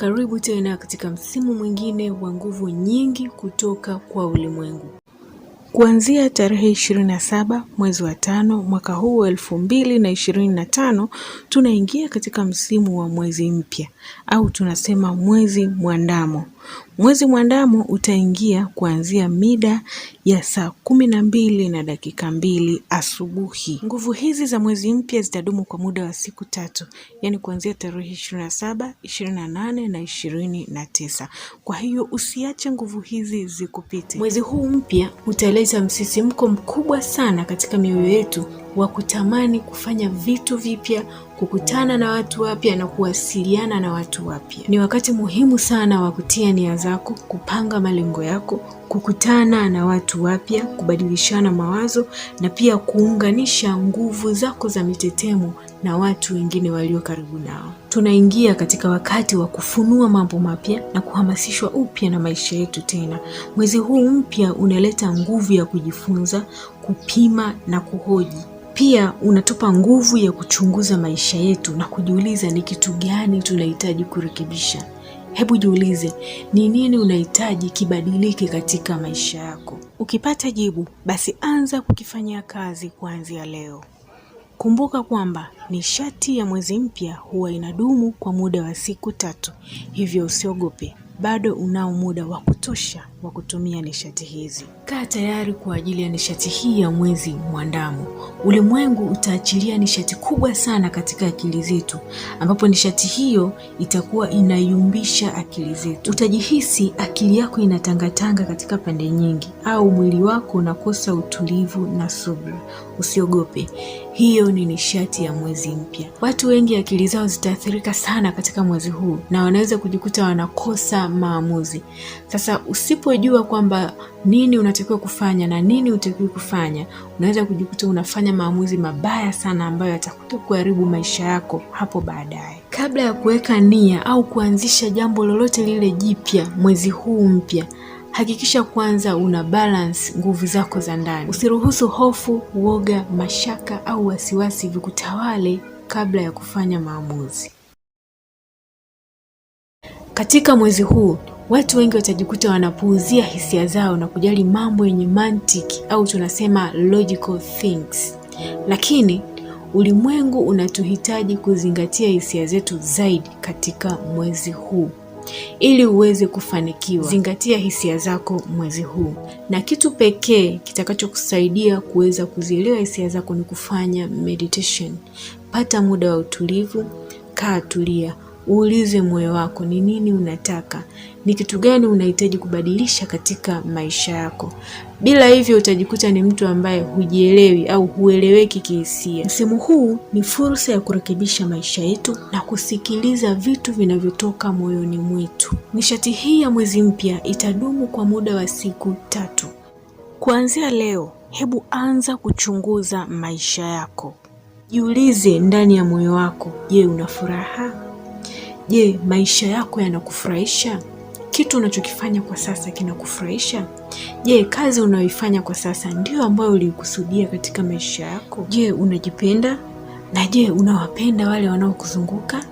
Karibu tena katika msimu mwingine wa nguvu nyingi kutoka kwa ulimwengu. Kuanzia tarehe 27 mwezi wa tano mwaka huu wa elfu mbili na ishirini na tano tunaingia katika msimu wa mwezi mpya au tunasema mwezi mwandamo. Mwezi mwandamo utaingia kuanzia mida ya saa kumi na mbili na dakika mbili asubuhi. Nguvu hizi za mwezi mpya zitadumu kwa muda wa siku tatu, yani kuanzia tarehe ishirini na saba, ishirini na nane na ishirini na tisa. Kwa hiyo usiache nguvu hizi zikupite. Mwezi huu mpya utaleta msisimko mkubwa sana katika mioyo yetu wa kutamani kufanya vitu vipya, kukutana na watu wapya na kuwasiliana na watu wapya. Ni wakati muhimu sana wa kutia nia zako, kupanga malengo yako, kukutana na watu wapya, kubadilishana mawazo na pia kuunganisha nguvu zako za mitetemo na watu wengine walio karibu nao. Tunaingia katika wakati wa kufunua mambo mapya na kuhamasishwa upya na maisha yetu tena. Mwezi huu mpya unaleta nguvu ya kujifunza, kupima na kuhoji pia unatupa nguvu ya kuchunguza maisha yetu na kujiuliza ni kitu gani tunahitaji kurekebisha. Hebu jiulize ni nini unahitaji kibadilike katika maisha yako. Ukipata jibu, basi anza kukifanyia kazi kuanzia leo. Kumbuka kwamba nishati ya mwezi mpya huwa inadumu kwa muda wa siku tatu, hivyo usiogope, bado unao muda wa kutosha wa kutumia nishati hizi. Kaa tayari kwa ajili ya nishati hii ya mwezi mwandamo. Ulimwengu utaachilia nishati kubwa sana katika akili zetu, ambapo nishati hiyo itakuwa inayumbisha akili zetu. Utajihisi akili yako inatangatanga katika pande nyingi, au mwili wako unakosa utulivu na subira. Usiogope, hiyo ni nishati ya mwezi mpya. Watu wengi akili zao zitaathirika sana katika mwezi huu na wanaweza kujikuta wanakosa maamuzi. Sasa usipojua kwamba nini unata unatakiwa kufanya na nini utakiwa kufanya, unaweza kujikuta unafanya maamuzi mabaya sana ambayo yatakuta kuharibu maisha yako hapo baadaye. Kabla ya kuweka nia au kuanzisha jambo lolote lile jipya mwezi huu mpya, hakikisha kwanza una balance nguvu zako za ndani. Usiruhusu hofu, uoga, mashaka au wasiwasi vikutawale kabla ya kufanya maamuzi. Katika mwezi huu watu wengi watajikuta wanapuuzia hisia zao na kujali mambo yenye mantiki au tunasema logical things, lakini ulimwengu unatuhitaji kuzingatia hisia zetu zaidi katika mwezi huu ili uweze kufanikiwa. Zingatia hisia zako mwezi huu, na kitu pekee kitakachokusaidia kuweza kuzielewa hisia zako ni kufanya meditation. Pata muda wa utulivu, kaa tulia Uulize moyo wako ni nini unataka, ni kitu gani unahitaji kubadilisha katika maisha yako. Bila hivyo, utajikuta ni mtu ambaye hujielewi au hueleweki kihisia. Msimu huu ni fursa ya kurekebisha maisha yetu na kusikiliza vitu vinavyotoka moyoni mwetu. Nishati hii ya mwezi mpya itadumu kwa muda wa siku tatu. Kuanzia leo, hebu anza kuchunguza maisha yako. Jiulize ndani ya moyo wako, je, una furaha? Je, maisha yako yanakufurahisha? Kitu unachokifanya kwa sasa kinakufurahisha? Je, kazi unayoifanya kwa sasa ndiyo ambayo uliikusudia katika maisha yako? Je, unajipenda? Na je, unawapenda wale wanaokuzunguka?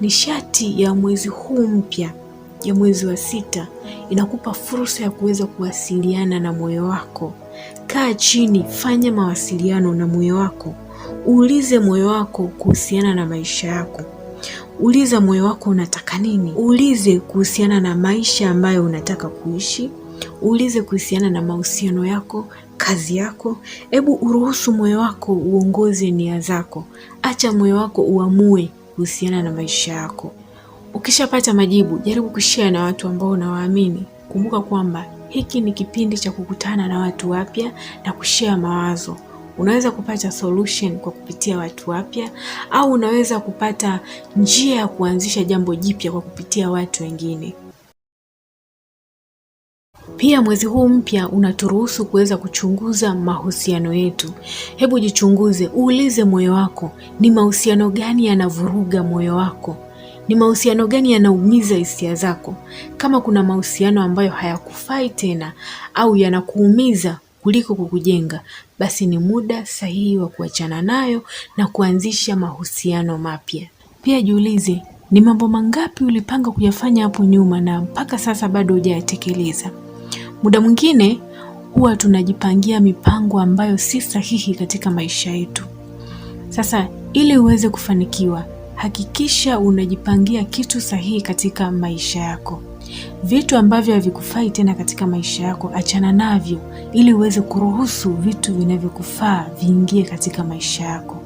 Nishati ya mwezi huu mpya ya mwezi wa sita inakupa fursa ya kuweza kuwasiliana na moyo wako. Kaa chini, fanya mawasiliano na moyo wako, uulize moyo wako kuhusiana na maisha yako. Uliza moyo wako unataka nini. Uulize kuhusiana na maisha ambayo unataka kuishi. Uulize kuhusiana na mahusiano yako, kazi yako. Hebu uruhusu moyo wako uongoze nia zako, acha moyo wako uamue kuhusiana na maisha yako. Ukishapata majibu, jaribu kushia na watu ambao unawaamini. Kumbuka kwamba hiki ni kipindi cha kukutana na watu wapya na kushia mawazo. Unaweza kupata solution kwa kupitia watu wapya, au unaweza kupata njia ya kuanzisha jambo jipya kwa kupitia watu wengine. Pia mwezi huu mpya unaturuhusu kuweza kuchunguza mahusiano yetu. Hebu jichunguze, uulize moyo wako, ni mahusiano gani yanavuruga moyo wako? Ni mahusiano gani yanaumiza hisia zako? Kama kuna mahusiano ambayo hayakufai tena au yanakuumiza, kuliko kukujenga, basi ni muda sahihi wa kuachana nayo na kuanzisha mahusiano mapya. Pia jiulize ni mambo mangapi ulipanga kuyafanya hapo nyuma na mpaka sasa bado hujayatekeleza. Muda mwingine huwa tunajipangia mipango ambayo si sahihi katika maisha yetu. Sasa ili uweze kufanikiwa, hakikisha unajipangia kitu sahihi katika maisha yako. Vitu ambavyo havikufai tena katika maisha yako achana navyo, ili uweze kuruhusu vitu vinavyokufaa viingie katika maisha yako.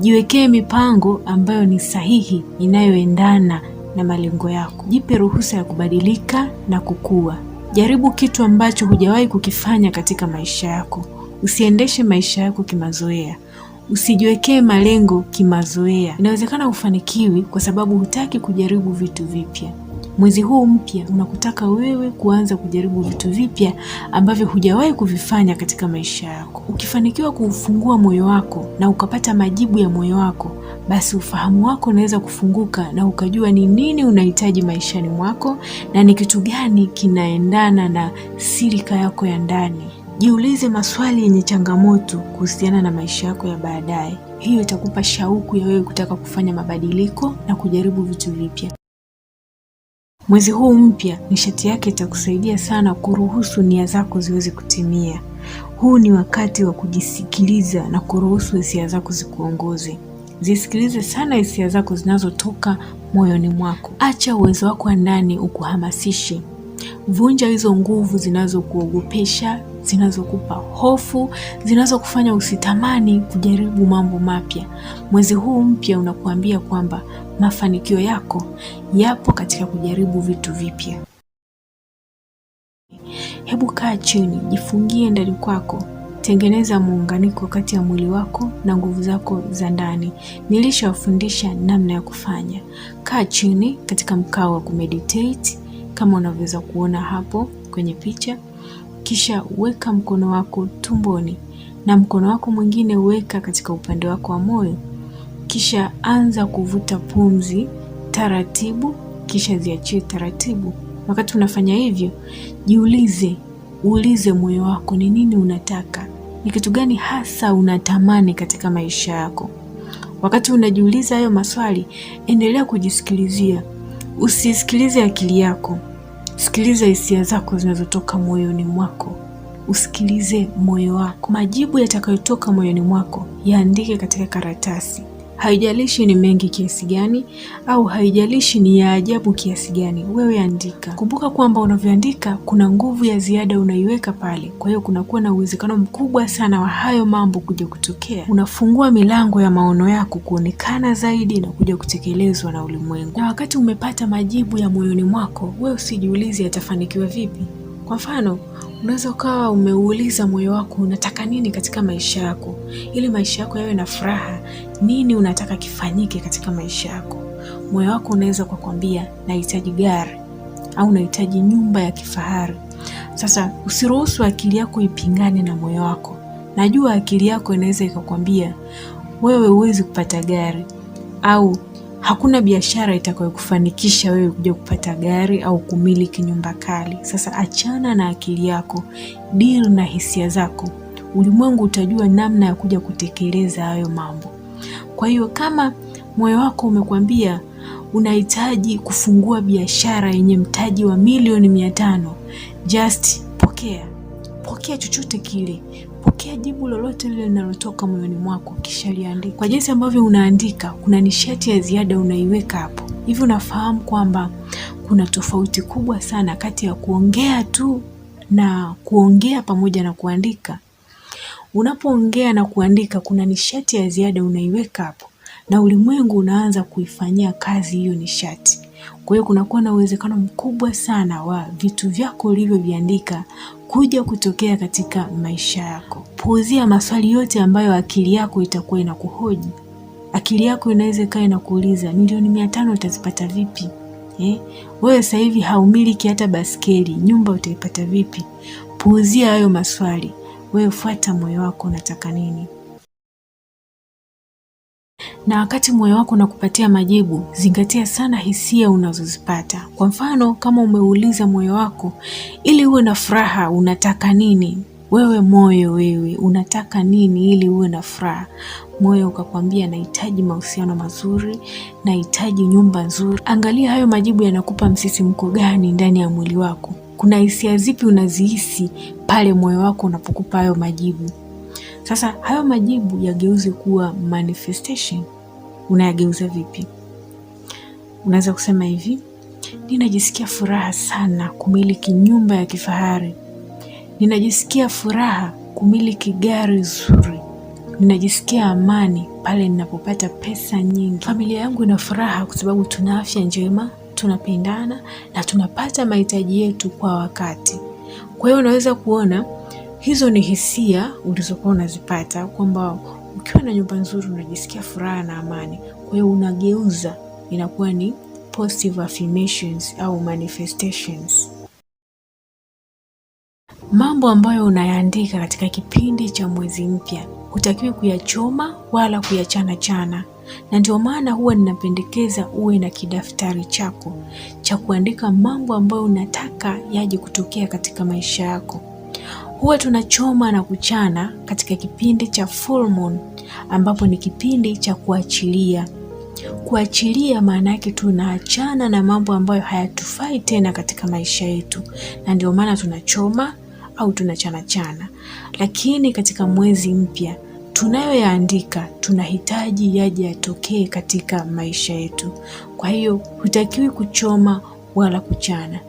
Jiwekee mipango ambayo ni sahihi, inayoendana na malengo yako. Jipe ruhusa ya kubadilika na kukua. Jaribu kitu ambacho hujawahi kukifanya katika maisha yako. Usiendeshe maisha yako kimazoea. Usijiwekee malengo kimazoea. Inawezekana hufanikiwi kwa sababu hutaki kujaribu vitu vipya. Mwezi huu mpya unakutaka wewe kuanza kujaribu vitu vipya ambavyo hujawahi kuvifanya katika maisha yako. Ukifanikiwa kuufungua moyo wako na ukapata majibu ya moyo wako, basi ufahamu wako unaweza kufunguka na ukajua ni nini unahitaji maishani mwako na ni kitu gani kinaendana na silika yako ya ndani. Jiulize maswali yenye changamoto kuhusiana na maisha yako ya baadaye. Hiyo itakupa shauku ya wewe kutaka kufanya mabadiliko na kujaribu vitu vipya. Mwezi huu mpya nishati yake itakusaidia sana kuruhusu nia zako ziweze kutimia. Huu ni wakati wa kujisikiliza na kuruhusu hisia zako zikuongoze. Zisikilize sana hisia zako zinazotoka moyoni mwako. Acha uwezo wako wa ndani ukuhamasishe. Vunja hizo nguvu zinazokuogopesha, zinazokupa hofu, zinazokufanya usitamani kujaribu mambo mapya. Mwezi huu mpya unakuambia kwamba mafanikio yako yapo katika kujaribu vitu vipya. Hebu kaa chini, jifungie ndani kwako, tengeneza muunganiko kati ya mwili wako na nguvu zako za ndani. Nilishawafundisha namna ya kufanya. Kaa chini katika mkao wa kumeditate kama unavyoweza kuona hapo kwenye picha, kisha weka mkono wako tumboni na mkono wako mwingine weka katika upande wako wa moyo kisha anza kuvuta pumzi taratibu, kisha ziachie taratibu. Wakati unafanya hivyo, jiulize, uulize moyo wako, ni nini unataka, ni kitu gani hasa unatamani katika maisha yako. Wakati unajiuliza hayo maswali, endelea kujisikilizia, usisikilize akili yako, sikiliza hisia zako zinazotoka moyoni mwako. Usikilize moyo wako. Majibu yatakayotoka moyoni mwako yaandike katika karatasi. Haijalishi ni mengi kiasi gani au haijalishi ni ya ajabu kiasi gani, wewe andika. Kumbuka kwamba unavyoandika kuna nguvu ya ziada unaiweka pale, kwa hiyo kunakuwa na uwezekano mkubwa sana wa hayo mambo kuja kutokea. Unafungua milango ya maono yako kuonekana zaidi na kuja kutekelezwa na ulimwengu. Na wakati umepata majibu ya moyoni mwako, wewe usijiulize yatafanikiwa vipi kwa mfano, unaweza ukawa umeuuliza moyo wako unataka nini katika maisha yako, ili maisha yako yawe na furaha. Nini unataka kifanyike katika maisha yako? Moyo wako unaweza kukwambia nahitaji gari au nahitaji nyumba ya kifahari. Sasa usiruhusu akili yako ipingane na moyo wako. Najua akili yako inaweza ikakwambia wewe huwezi kupata gari au Hakuna biashara itakayokufanikisha wewe kuja kupata gari au kumiliki nyumba kali. Sasa achana na akili yako, deal na hisia zako. Ulimwengu utajua namna ya kuja kutekeleza hayo mambo. Kwa hiyo kama moyo wako umekwambia unahitaji kufungua biashara yenye mtaji wa milioni mia tano, just pokea, pokea chochote kile. Pokea jibu lolote lile linalotoka moyoni mwako, kisha liandika. Kwa jinsi ambavyo unaandika, kuna nishati ya ziada unaiweka hapo. Hivi unafahamu kwamba kuna tofauti kubwa sana kati ya kuongea tu na kuongea pamoja na kuandika. Unapoongea na kuandika, kuna nishati ya ziada unaiweka hapo, na ulimwengu unaanza kuifanyia kazi hiyo nishati. Kwa hiyo kunakuwa na uwezekano mkubwa sana wa vitu vyako ulivyoviandika kuja kutokea katika maisha yako. Puuzia maswali yote ambayo akili yako itakuwa inakuhoji. Akili yako inaweza ikawa inakuuliza milioni mia tano utazipata vipi? Eh, wewe sasa hivi haumiliki hata baskeli, nyumba utaipata vipi? Puuzia hayo maswali, wewe fuata moyo wako, unataka nini? Na wakati moyo wako unakupatia majibu, zingatia sana hisia unazozipata. Kwa mfano, kama umeuliza moyo wako, ili uwe na furaha unataka nini? Wewe moyo, wewe unataka nini ili uwe na furaha? Moyo ukakwambia nahitaji mahusiano mazuri, nahitaji nyumba nzuri. Angalia hayo majibu yanakupa msisimko gani ndani ya mwili wako. Kuna hisia zipi unazihisi pale moyo wako unapokupa hayo majibu? Sasa hayo majibu yageuze kuwa manifestation. Unayageuza vipi? Unaweza kusema hivi, ninajisikia furaha sana kumiliki nyumba ya kifahari, ninajisikia furaha kumiliki gari zuri, ninajisikia amani pale ninapopata pesa nyingi. Familia yangu ina furaha kwa sababu tuna afya njema, tunapendana na tunapata mahitaji yetu kwa wakati. Kwa hiyo unaweza kuona hizo ni hisia ulizokuwa unazipata kwamba ukiwa na nyumba nzuri unajisikia furaha na amani. Kwa hiyo unageuza, inakuwa ni positive affirmations au manifestations. Mambo ambayo unayaandika katika kipindi cha mwezi mpya hutakiwi kuyachoma wala kuyachana chana, na ndio maana huwa ninapendekeza uwe na kidaftari chako cha kuandika mambo ambayo unataka yaje kutokea katika maisha yako huwa tunachoma na kuchana katika kipindi cha full moon, ambapo ni kipindi cha kuachilia. Kuachilia maana yake tunaachana na mambo ambayo hayatufai tena katika maisha yetu, na ndio maana tunachoma au tunachanachana. Lakini katika mwezi mpya tunayoyaandika tunahitaji yaje yatokee katika maisha yetu. Kwa hiyo hutakiwi kuchoma wala kuchana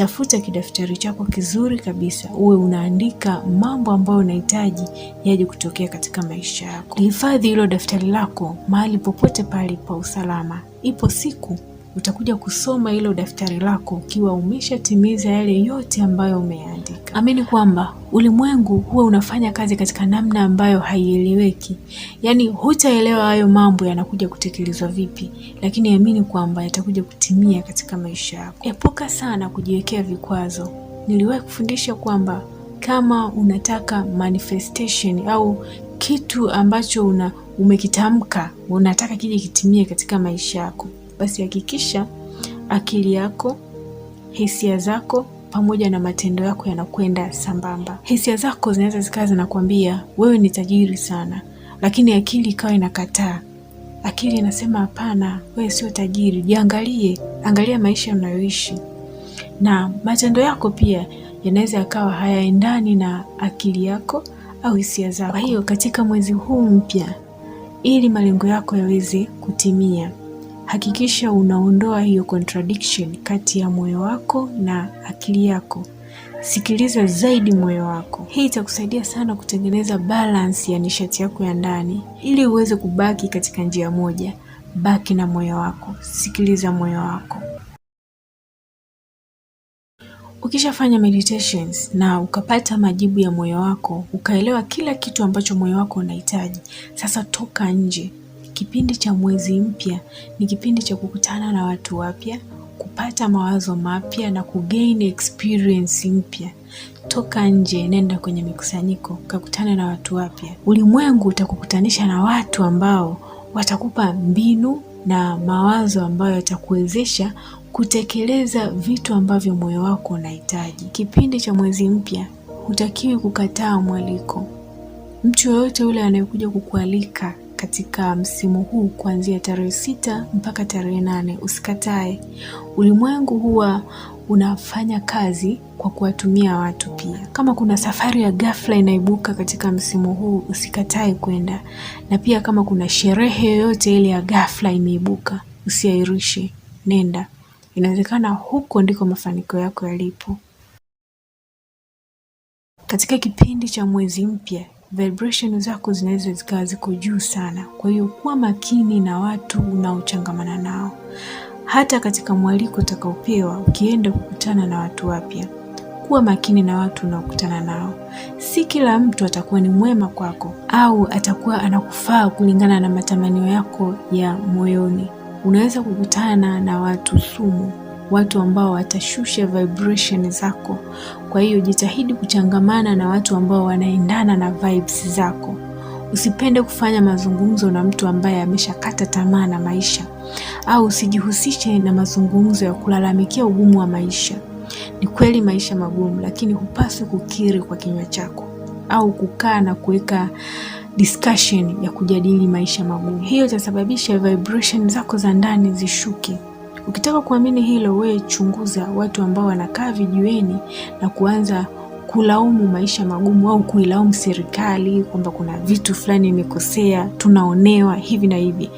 tafuta kidaftari chako kizuri kabisa, uwe unaandika mambo ambayo unahitaji yaje kutokea katika maisha yako. Hifadhi hilo daftari lako mahali popote pale pa usalama. Ipo siku utakuja kusoma hilo daftari lako ukiwa umeshatimiza yale yote ambayo umeandika. Amini kwamba ulimwengu huwa unafanya kazi katika namna ambayo haieleweki, yaani hutaelewa hayo mambo yanakuja kutekelezwa vipi, lakini amini kwamba yatakuja kutimia katika maisha yako. Epuka sana kujiwekea vikwazo. Niliwahi kufundisha kwamba kama unataka manifestation au kitu ambacho una umekitamka unataka kije kitimie katika maisha yako basi hakikisha akili yako, hisia zako pamoja na matendo yako yanakwenda sambamba. Hisia zako zinaweza zikawa zinakwambia wewe ni tajiri sana, lakini akili ikawa inakataa. Akili inasema hapana, wewe sio tajiri, jiangalie, angalia maisha unayoishi. Na matendo yako pia yanaweza yakawa hayaendani na akili yako au hisia zako. Kwa hiyo katika mwezi huu mpya, ili malengo yako yaweze kutimia Hakikisha unaondoa hiyo contradiction kati ya moyo wako na akili yako. Sikiliza zaidi moyo wako. Hii itakusaidia sana kutengeneza balance ya nishati yako ya ndani. Ili uweze kubaki katika njia moja, baki na moyo wako, sikiliza moyo wako. Ukishafanya meditations na ukapata majibu ya moyo wako, ukaelewa kila kitu ambacho moyo wako unahitaji, sasa toka nje, Kipindi cha mwezi mpya ni kipindi cha kukutana na watu wapya, kupata mawazo mapya na kugain experience mpya. Toka nje, nenda kwenye mikusanyiko, kakutana na watu wapya. Ulimwengu utakukutanisha na watu ambao watakupa mbinu na mawazo ambayo yatakuwezesha kutekeleza vitu ambavyo moyo wako unahitaji. Kipindi cha mwezi mpya hutakiwi kukataa mwaliko. Mtu yoyote yule anayekuja kukualika katika msimu huu kuanzia tarehe sita mpaka tarehe nane. Usikatae, ulimwengu huwa unafanya kazi kwa kuwatumia watu pia. Kama kuna safari ya gafla inaibuka katika msimu huu, usikatae kwenda, na pia kama kuna sherehe yoyote ile ya gafla imeibuka, usiairishe, nenda. Inawezekana huko ndiko mafanikio yako yalipo. Katika kipindi cha mwezi mpya vibration zako zinaweza zikawa ziko juu sana. Kwa hiyo kuwa makini na watu unaochangamana nao, hata katika mwaliko utakaopewa ukienda kukutana na watu wapya. Kuwa makini na watu unaokutana nao. Si kila mtu atakuwa ni mwema kwako au atakuwa anakufaa kulingana na matamanio yako ya moyoni. Unaweza kukutana na watu sumu watu ambao watashusha vibration zako. Kwa hiyo jitahidi kuchangamana na watu ambao wanaendana na vibes zako. Usipende kufanya mazungumzo na mtu ambaye ameshakata tamaa na maisha, au usijihusishe na mazungumzo ya kulalamikia ugumu wa maisha. Ni kweli maisha magumu, lakini hupaswi kukiri kwa kinywa chako au kukaa na kuweka discussion ya kujadili maisha magumu. Hiyo itasababisha vibration zako za ndani zishuke. Ukitaka kuamini hilo, wewe chunguza watu ambao wanakaa vijiweni na kuanza kulaumu maisha magumu au kuilaumu serikali kwamba kuna vitu fulani imekosea, tunaonewa hivi na hivi.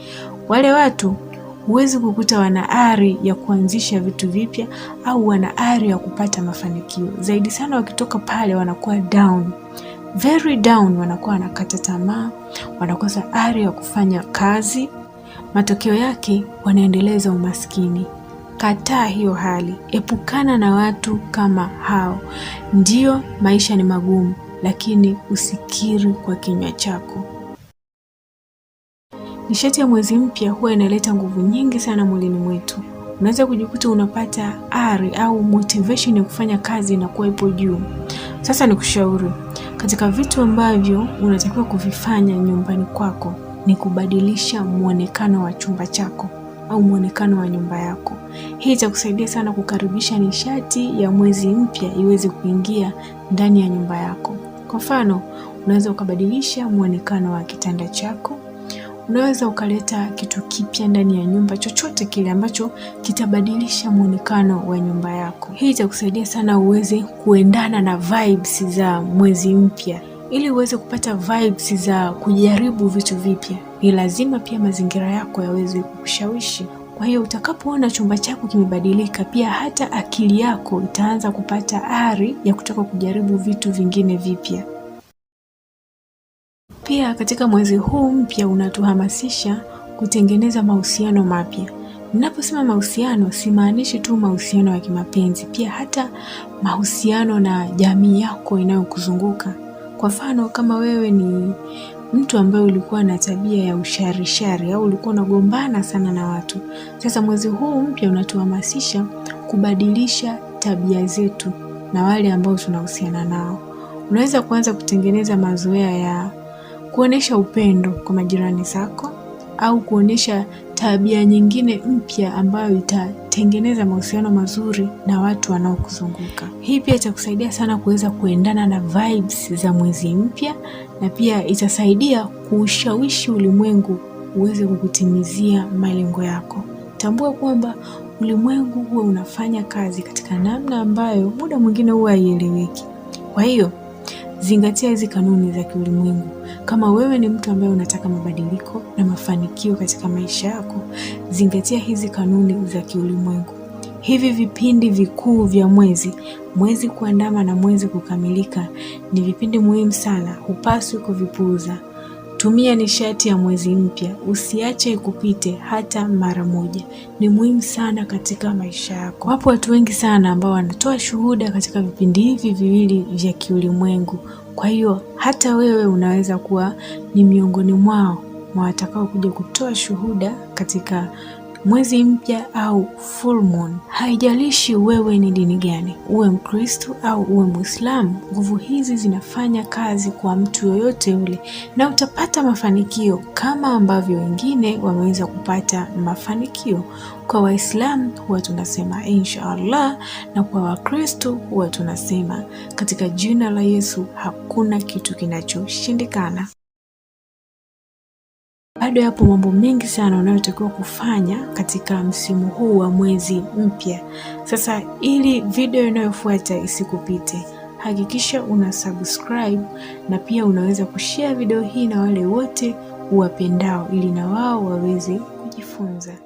Wale watu huwezi kukuta wana ari ya kuanzisha vitu vipya au wana ari ya kupata mafanikio zaidi. Sana wakitoka pale wanakuwa down, very down, wanakuwa wanakata tamaa, wanakosa ari ya kufanya kazi. Matokeo yake wanaendeleza umaskini. Kataa hiyo hali, epukana na watu kama hao. Ndiyo, maisha ni magumu, lakini usikiri kwa kinywa chako. Nishati ya mwezi mpya huwa inaleta nguvu nyingi sana mwilini mwetu. Unaweza kujikuta unapata ari au motivation ya kufanya kazi inakuwa ipo juu. Sasa nikushauri katika vitu ambavyo unatakiwa kuvifanya nyumbani kwako ni kubadilisha mwonekano wa chumba chako au mwonekano wa nyumba yako. Hii itakusaidia sana kukaribisha nishati ya mwezi mpya iweze kuingia ndani ya nyumba yako. Kwa mfano, unaweza ukabadilisha mwonekano wa kitanda chako. Unaweza ukaleta kitu kipya ndani ya nyumba, chochote kile ambacho kitabadilisha mwonekano wa nyumba yako. Hii itakusaidia sana uweze kuendana na vibes za mwezi mpya. Ili uweze kupata vibes za kujaribu vitu vipya, ni lazima pia mazingira yako yaweze kukushawishi. Kwa hiyo utakapoona chumba chako kimebadilika, pia hata akili yako itaanza kupata ari ya kutoka kujaribu vitu vingine vipya. Pia katika mwezi huu mpya unatuhamasisha kutengeneza mahusiano mapya. Ninaposema mahusiano, simaanishi tu mahusiano ya kimapenzi, pia hata mahusiano na jamii yako inayokuzunguka. Kwa mfano kama wewe ni mtu ambaye ulikuwa na tabia ya usharishari au ulikuwa unagombana sana na watu, sasa mwezi huu mpya unatuhamasisha kubadilisha tabia zetu na wale ambao tunahusiana nao. Unaweza kuanza kutengeneza mazoea ya kuonesha upendo kwa majirani zako au kuonesha tabia nyingine mpya ambayo itatengeneza mahusiano mazuri na watu wanaokuzunguka. Hii pia itakusaidia sana kuweza kuendana na vibes za mwezi mpya, na pia itasaidia kuushawishi ulimwengu uweze kukutimizia malengo yako. Tambua kwamba ulimwengu huwa unafanya kazi katika namna ambayo muda mwingine huwa haieleweki. Kwa hiyo Zingatia hizi kanuni za kiulimwengu. Kama wewe ni mtu ambaye unataka mabadiliko na mafanikio katika maisha yako, zingatia hizi kanuni za kiulimwengu. Hivi vipindi vikuu vya mwezi, mwezi kuandama na mwezi kukamilika, ni vipindi muhimu sana, hupaswi kuvipuuza. Tumia nishati ya mwezi mpya, usiache ikupite hata mara moja. Ni muhimu sana katika maisha yako. Wapo watu wengi sana ambao wanatoa shuhuda katika vipindi hivi viwili vya kiulimwengu. Kwa hiyo hata wewe unaweza kuwa ni miongoni mwao mwa watakao kuja kutoa shuhuda katika mwezi mpya au full moon. Haijalishi wewe ni dini gani, uwe Mkristo au uwe Mwislamu, nguvu hizi zinafanya kazi kwa mtu yoyote yule, na utapata mafanikio kama ambavyo wengine wameweza kupata mafanikio. Kwa Waislamu huwa tunasema insha Allah, na kwa Wakristo huwa tunasema katika jina la Yesu hakuna kitu kinachoshindikana. Bado yapo mambo mengi sana unayotakiwa kufanya katika msimu huu wa mwezi mpya. Sasa ili video inayofuata isikupite, hakikisha una subscribe na pia unaweza kushare video hii na wale wote uwapendao, ili na wao waweze kujifunza.